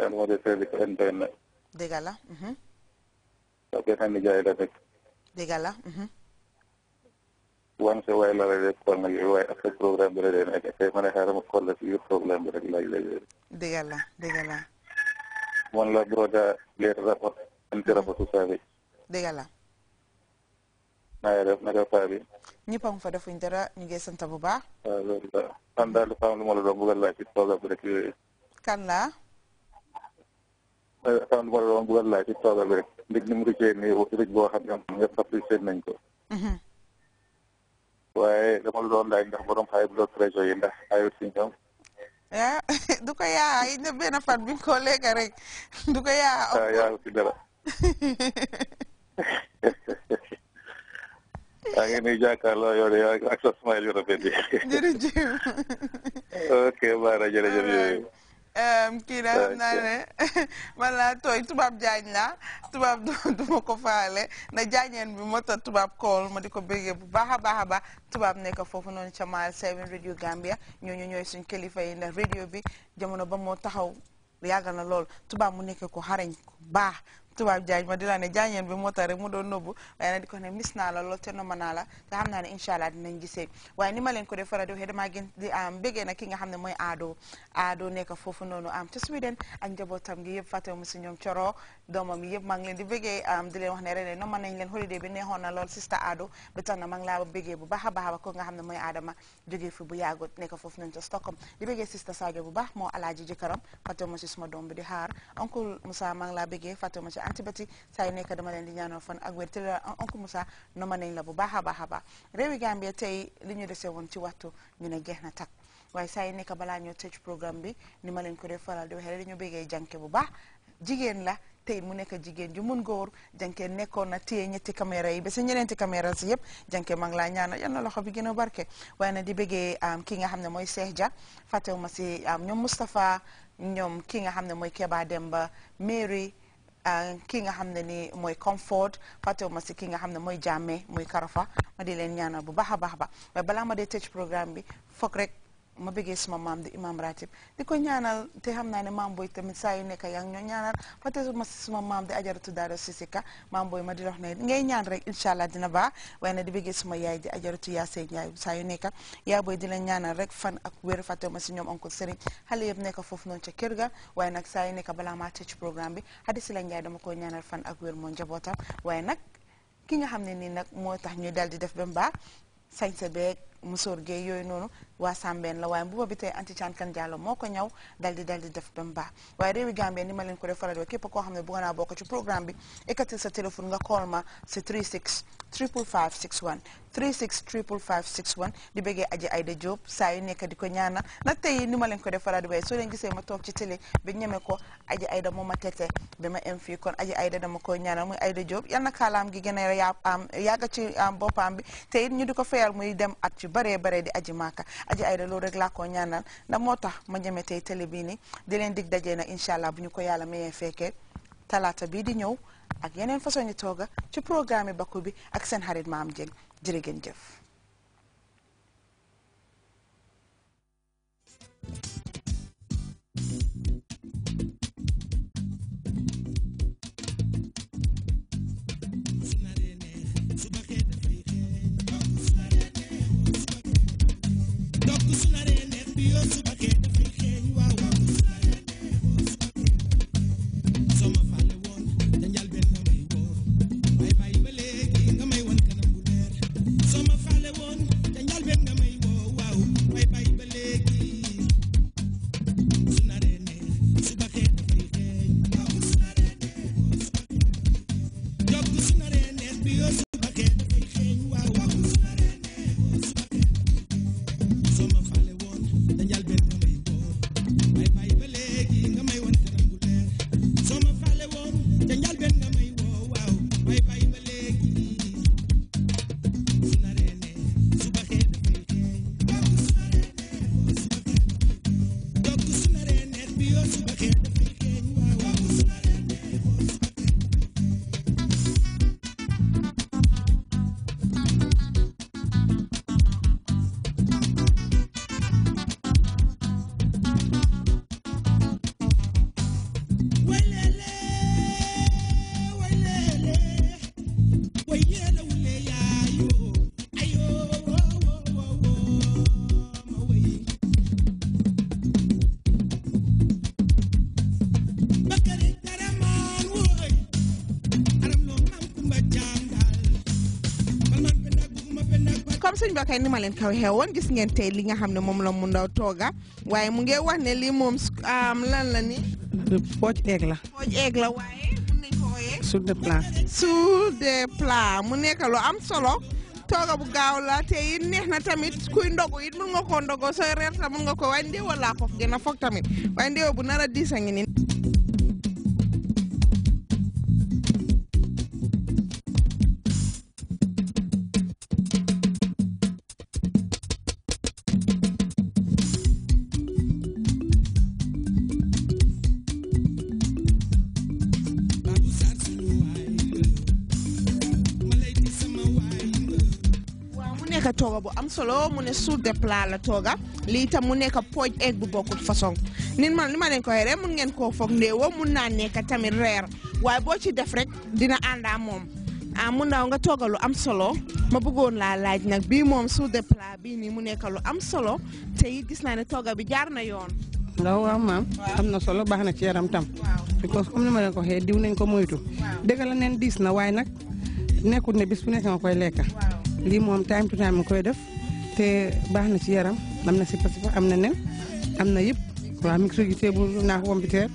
xel la. Mhm. soo la rek. la. Mhm. wan sa waay la la rek xool nag la dee ma ne xaaral ma xool la si rek laaj la yooyu. dëgg la dëgg la. moom la broda a fa defuñ dara ñu ngi bu baax. waaw loolu la man daal lu ma la doon bëgg a laaj ci programme bi rek yooyu. kan la. fan bu ma doon bëggoon laaj ci tool bi rek ndig ni ko. Mm-hmm. waaye dama doon laaj ndax borom high blood pressure yi ndax ayut si ñoom. ah du ko yaa yi ne benn fan bi ko lekk rek du ko yaa. ah yaa si dara. yaa ngi nuyu jàkkaarloo yow de yow ak sa smile yu rafet yi. jërëjëf. ok baara jërëjëf yooyu. kii la man laa tooy tubaab jaañ laa tubaab du ma ko faale na jaañeen bi moo tax tubaab kool ma di ko béggee bu baax a baax a baax tubaab nekk foofu noonu ca Mile 7 radio Gambia ñooñu ñooy suñ kilifa yi ndax radio bi jamono ba moo taxaw yàgg na lool tubaab mu nekkee ko xarañ ko baax tubaab jaaj ma di la ne jaañeen bi moo tax rek mu doon nëbbu waaye nag di ko ne mis naa la lool te noma naa la te xam naa ne incha allah dinañ gisee waaye ni ma leen ko def faral di waxee damaa gën di am ah, bégee na ki nga xam ne mooy aado aado nekk foofu noonu am ah, te Sweden ak njabootam gi yëpp fàttewu mu si ñoom coro doomam yëpp maa ngi leen di bégee ah, di leen wax ne ren noma nañ leen holiday bi neexoon na lool sista aado ba tax na maa ngi laa bégee bu baax a baax ba ko nga xam ne mooy aadama jógee fi bu yàggut nekk foofu noonu ca Stockholm di bégee sista Sadio bu baax moo alaaji jëkkëram fàttewu ma si suma doom bi di xaar oncle Moussa maa ngi laa bégee fàttewu ma si ci antibati saa yu nekk dama leen di ñaanal fan ak wér te la euh, oncle Moussa noma nañ la bu baax a baax a baax réewi tey li ñu dese woon ci waxtu ñu ne geex na takk waaye saa yu nekk balaa ñoo tëj programme bi ni ma leen ko dee faral di waxee dañu bëggee jànke bu baax jigéen la tey mu nekk jigéen ju mun góor jànke nekkoon na téye ñetti caméra yi ba si ñeneenti caméra si yëpp jànke maa ngi laa ñaanal na loxo bi gën a barke waay nag di bëggee ki nga xam ne mooy Cheikh Dia fàttewu ma si ñoom Moustapha ñoom ki nga xam ne mooy Keba Demba Mary Euh, ki nga xam ne ni mooy comfort fàttewu ma si ki nga xam ne mooy jàmme muy karafa ma di leen ñaanal bu baax a baax ba mais balaa ma dee tëj programme bi foog rek ma bëggee suma maam di imam ratib di ko ñaanal te xam naa ne maam booy tamit saa yu nekk yaa ngi ñoo ñaanal fa maam di ajaratu daado sisika ma di wax ne ngay ñaan rek incha allah dina baax waaye nag di bëggee suma yaay di ajaratu yaa sey njaay saa yu nekk yaa booy di la ñaanal rek fan ak wér fàtte ma si ñoom oncle sëriñ xale yëpp nekk foofu noonu ca kër ga waaye nag yu nekk balaa maa tëj programme bi hadi si la njaay dama koy ñaanal fan ak wér moo njabootam waaye nag ki nga xam ne nii nag moo tax ñuy dal di def ba baa sañse beeg musóor geeg yooyu noonu waa Sambeen la waaye mbuba bi tey anti Thian Kan Jallow moo ko ñëw dal di dal di def ba mu baax waaye réewi Gambie ni ma leen ko def faral di képp koo xam ne bëgg naa bokk ci programme bi ekkati sa téléphone nga call ma si 36 triple five six one three six triple five six one di bëggee aji Ayda Diop saa yu nekk di ko ñaana nag tey ni ma leen ko def defaraat waaye soo leen gisee ma toog ci télé bi ñeme ko aji Ayda moo ma tete bi ma am fii kon aji Ayda dama ko ñaanal muy Ayda Diop yal na kaalaam gi gën yaa am yàgg ci boppam bi te it ñu di ko fayal muy dem at yu baree baree di aji maaka aji Ayda loolu rek laa ko ñaanal ndax moo tax ma ñeme tey télé bii nii di leen dig dajee nag incha allah bu ñu ko yàlla mayee fekkee talaata bii di ñëw. ak yeneen façon yi tooga ci programme yi bi ak seen xarit maam jeg jërë ngeen jëf comme suñ mbokk ni ma leen xew woon gis ngeen tey li nga xam ne moom la mu ndaw tooga waaye mu ngi wax ne lii moom lan la ni pooj eeg la pooj eeg la waaye mun de plat sous de plat mu nekk lu am solo tooga bu gaaw la te it neex na tamit kuy ndogu it mun nga koo ndogoo sooy reer ta ko waaye ndéewal laa ko gën a foog tamit waaye ndéewal bu nar a diis a ngi nii nekk tooga bu am solo mu ne soupe de la tooga lii tam mu nekk pooj eeg bu bokkul façon nit ma ni ma ko rek mun ngeen koo foog ndéewoo mun naa nekk tamit reer waaye boo ci def rek dina àndaa moom ah, mun naa ndaw nga tooga lu am solo ma bëggoon laa laaj nag bii moom soupe de bii nii mu nekk lu am solo te it gis naa ne tooga bi jaar na yoon. waaw waaw maam am na solo baax na ci yaram tam. parce que comme ma leen ko waxee diw nañ ko moytu. dëgg la neen diis na waaye nag nekkul ne bis bu nekk lii moom time to time koy def te baax na ci yaram am na sipa-sipa am na nen am na yëpp waaw mi ngi suji teebul naax pompiteer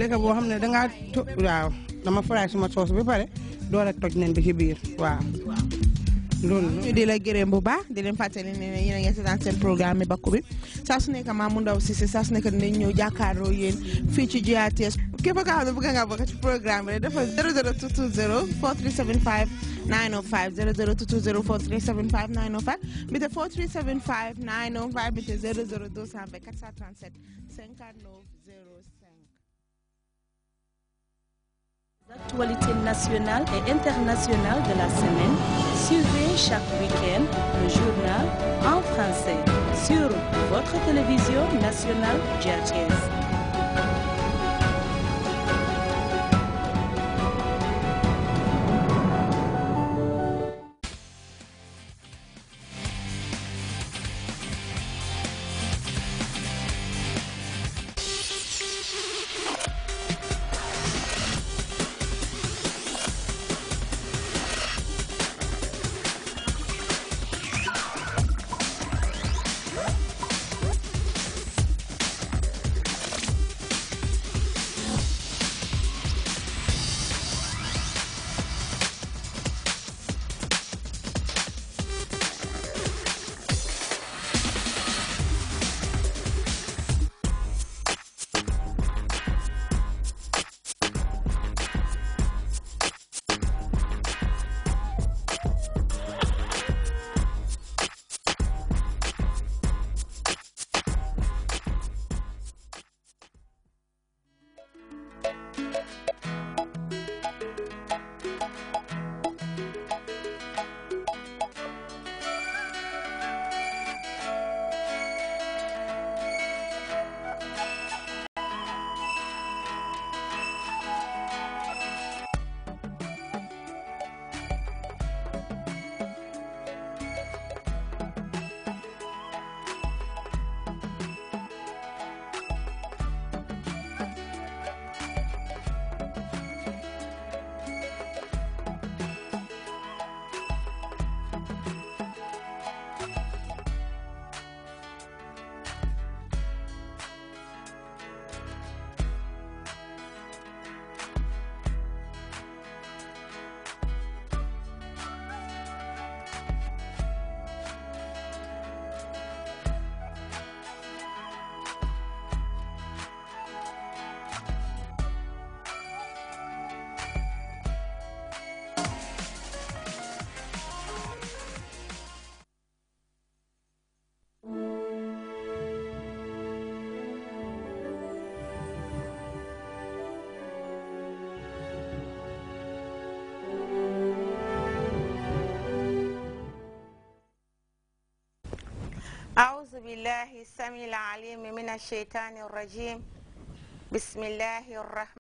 lekk boo xam ne dangaa to waaw dama faraay suma soos ba pare door a toj nen bi ki biir waaw loolu ñu di la gërëm bu baax di leen fàttali ne yéen a ngi seetaan seen programme bakku bi saa su nekk Mamou Ndaw Cissé saa su nekk dinañ ñëw jàkkaarloo yéen fii ci GRTS képp koo xam ne bëgg nga bokk ci programme bi rek dafa 00 220 905 00220 4375 905 mbite 4375 905 mettez 00220 437 L'actualité nationale et internationale de la semaine, suivez chaque week-end le journal en français sur votre télévision nationale GHS. الله السميع العليم من الشيطان الرجيم بسم الله الرحمن